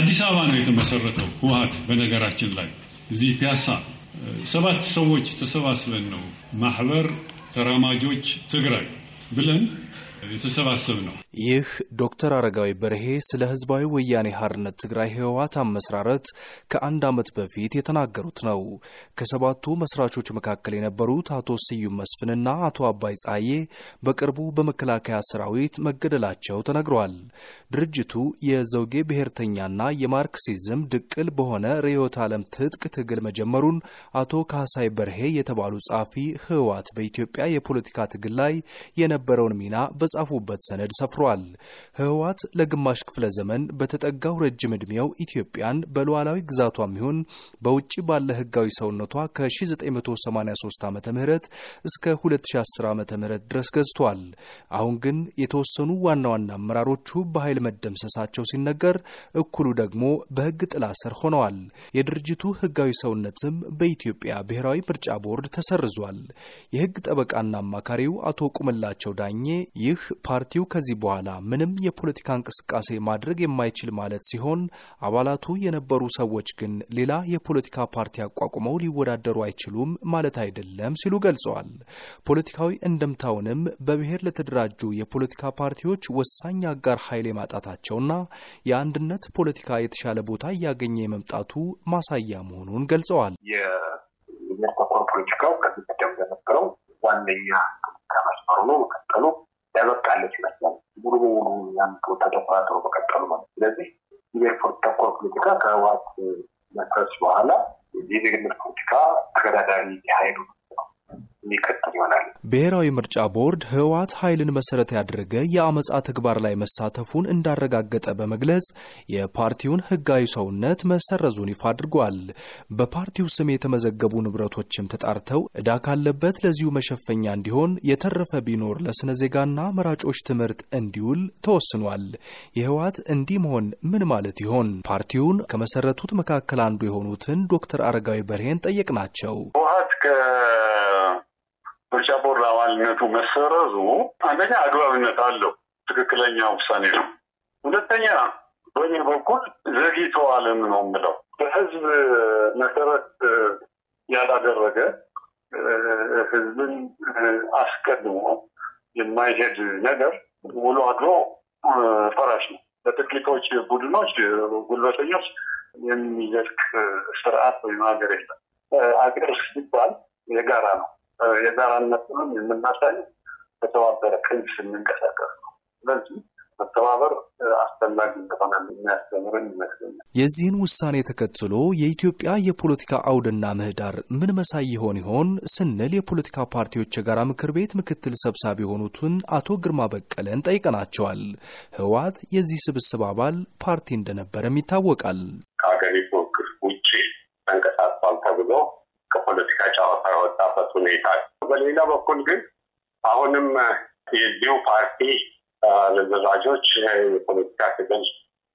አዲስ አበባ ነው የተመሰረተው ህወሀት። በነገራችን ላይ እዚህ ፒያሳ ሰባት ሰዎች ተሰባስበን ነው ማህበር ተራማጆች ትግራይ ብለን የተሰባሰብ ነው። ይህ ዶክተር አረጋዊ በርሄ ስለ ህዝባዊ ወያኔ ሀርነት ትግራይ ህወሀት አመስራረት ከአንድ ዓመት በፊት የተናገሩት ነው። ከሰባቱ መስራቾች መካከል የነበሩት አቶ ስዩም መስፍንና አቶ አባይ ጸሐዬ በቅርቡ በመከላከያ ሰራዊት መገደላቸው ተነግሯል። ድርጅቱ የዘውጌ ብሔርተኛና የማርክሲዝም ድቅል በሆነ ርዕዮተ ዓለም ትጥቅ ትግል መጀመሩን አቶ ካሳይ በርሄ የተባሉ ጸሐፊ ህወሀት በኢትዮጵያ የፖለቲካ ትግል ላይ የነበረውን ሚና በ የተጻፉበት ሰነድ ሰፍሯል። ህወሓት ለግማሽ ክፍለ ዘመን በተጠጋው ረጅም ዕድሜው ኢትዮጵያን በሉዓላዊ ግዛቷም ይሁን በውጭ ባለ ህጋዊ ሰውነቷ ከ1983 ዓ ም እስከ 2010 ዓ ም ድረስ ገዝቷል። አሁን ግን የተወሰኑ ዋና ዋና አመራሮቹ በኃይል መደምሰሳቸው ሲነገር፣ እኩሉ ደግሞ በህግ ጥላ ስር ሆነዋል። የድርጅቱ ህጋዊ ሰውነትም በኢትዮጵያ ብሔራዊ ምርጫ ቦርድ ተሰርዟል። የህግ ጠበቃና አማካሪው አቶ ቁምላቸው ዳኜ ይህ ይህ ፓርቲው ከዚህ በኋላ ምንም የፖለቲካ እንቅስቃሴ ማድረግ የማይችል ማለት ሲሆን አባላቱ የነበሩ ሰዎች ግን ሌላ የፖለቲካ ፓርቲ አቋቁመው ሊወዳደሩ አይችሉም ማለት አይደለም ሲሉ ገልጸዋል። ፖለቲካዊ እንደምታውንም በብሔር ለተደራጁ የፖለቲካ ፓርቲዎች ወሳኝ አጋር ኃይል የማጣታቸውና የአንድነት ፖለቲካ የተሻለ ቦታ እያገኘ የመምጣቱ ማሳያ መሆኑን ገልጸዋል። የሚያቋቋም ፖለቲካው ከዚህ ቀደም ለነበረው ዋነኛ ተኮራ ጥሩ መቀጠሉ ማለት ስለዚህ የኤርፖርት ተኮር ፖለቲካ ከህወሓት መፍረስ በኋላ የዜግነት ፖለቲካ ተገዳዳሪ የሀይሉ የሚቀጥል ይሆናል። ብሔራዊ ምርጫ ቦርድ ህወሓት ኃይልን መሰረት ያደረገ የአመፃ ተግባር ላይ መሳተፉን እንዳረጋገጠ በመግለጽ የፓርቲውን ህጋዊ ሰውነት መሰረዙን ይፋ አድርጓል። በፓርቲው ስም የተመዘገቡ ንብረቶችም ተጣርተው እዳ ካለበት ለዚሁ መሸፈኛ እንዲሆን፣ የተረፈ ቢኖር ለስነ ዜጋና መራጮች ትምህርት እንዲውል ተወስኗል። የህወሓት እንዲህ መሆን ምን ማለት ይሆን? ፓርቲውን ከመሰረቱት መካከል አንዱ የሆኑትን ዶክተር አረጋዊ በርሄን ጠየቅናቸው። ተጠያቂነቱ መሰረዙ አንደኛ አግባብነት አለው፣ ትክክለኛ ውሳኔ ነው። ሁለተኛ በእኔ በኩል አለም ነው የምለው። በህዝብ መሰረት ያላደረገ ህዝብን አስቀድሞ የማይሄድ ነገር ውሎ አድሮ ፈራሽ ነው። በጥቂቶች ቡድኖች፣ ጉልበተኞች የሚዘልቅ ስርዓት ወይም ሀገር የለም። ሀገር ሲባል የጋራ ነው። የጋራነትንም የምናሳይ በተባበረ ክንድ ስንንቀሳቀስ ነው። ስለዚህ መተባበር አስፈላጊ እንደሆነ ይመስለኛል። የዚህን ውሳኔ ተከትሎ የኢትዮጵያ የፖለቲካ አውድና ምህዳር ምን መሳይ ይሆን ይሆን ስንል የፖለቲካ ፓርቲዎች የጋራ ምክር ቤት ምክትል ሰብሳቢ የሆኑትን አቶ ግርማ በቀለን ጠይቀናቸዋል። ህወሓት የዚህ ስብስብ አባል ፓርቲ እንደነበረም ይታወቃል። የወጣበት ሁኔታ። በሌላ በኩል ግን አሁንም የዲው ፓርቲ ለዘራጆች የፖለቲካ ትግል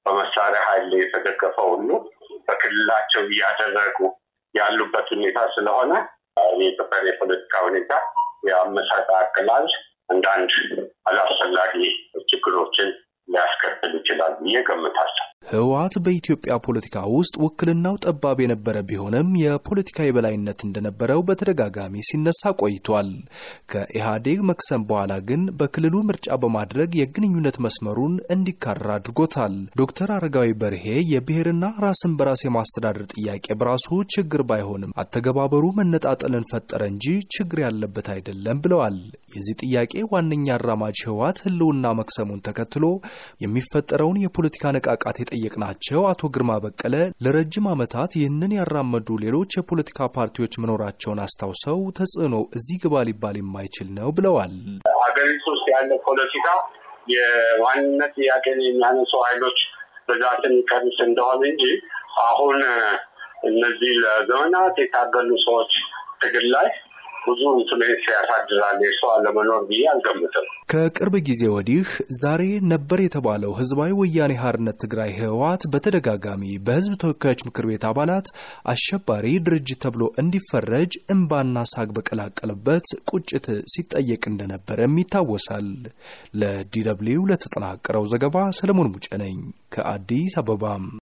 በመሳሪያ ኃይል የተደገፈ ሁሉ በክልላቸው እያደረጉ ያሉበት ሁኔታ ስለሆነ የኢትዮጵያ የፖለቲካ ሁኔታ አቅላል አንዳንድ አላስፈላጊ ችግሮችን ሊያስከትል ይችላል ብዬ ገምታለሁ። ህወሀት በኢትዮጵያ ፖለቲካ ውስጥ ውክልናው ጠባብ የነበረ ቢሆንም የፖለቲካ የበላይነት እንደነበረው በተደጋጋሚ ሲነሳ ቆይቷል። ከኢህአዴግ መክሰም በኋላ ግን በክልሉ ምርጫ በማድረግ የግንኙነት መስመሩን እንዲካረር አድርጎታል። ዶክተር አረጋዊ በርሄ የብሔርና ራስን በራስ የማስተዳደር ጥያቄ በራሱ ችግር ባይሆንም አተገባበሩ መነጣጠልን ፈጠረ እንጂ ችግር ያለበት አይደለም ብለዋል። የዚህ ጥያቄ ዋነኛ አራማጅ ህወሀት ህልውና መክሰሙን ተከትሎ የሚፈጠረውን የፖለቲካ ነቃቃት የጠየቅናቸው አቶ ግርማ በቀለ ለረጅም ዓመታት ይህንን ያራመዱ ሌሎች የፖለቲካ ፓርቲዎች መኖራቸውን አስታውሰው ተጽዕኖ እዚህ ግባ ሊባል የማይችል ነው ብለዋል። ሀገሪቱ ውስጥ ያለ ፖለቲካ የማንነት ጥያቄን የሚያነሱ ኃይሎች ብዛትን ይቀንስ እንደሆነ እንጂ አሁን እነዚህ ለዘመናት የታገሉ ሰዎች ትግል ላይ ብዙ ኢንፍሉዌንስ ያሳድራል የእሷ ለመኖር ብዬ አልገምትም። ከቅርብ ጊዜ ወዲህ ዛሬ ነበር የተባለው ህዝባዊ ወያኔ ሀርነት ትግራይ ህወሓት በተደጋጋሚ በህዝብ ተወካዮች ምክር ቤት አባላት አሸባሪ ድርጅት ተብሎ እንዲፈረጅ እምባና ሳግ በቀላቀለበት ቁጭት ሲጠየቅ እንደነበረም ይታወሳል። ለዲደብሊው ለተጠናቀረው ዘገባ ሰለሞን ሙጨ ነኝ ከአዲስ አበባ።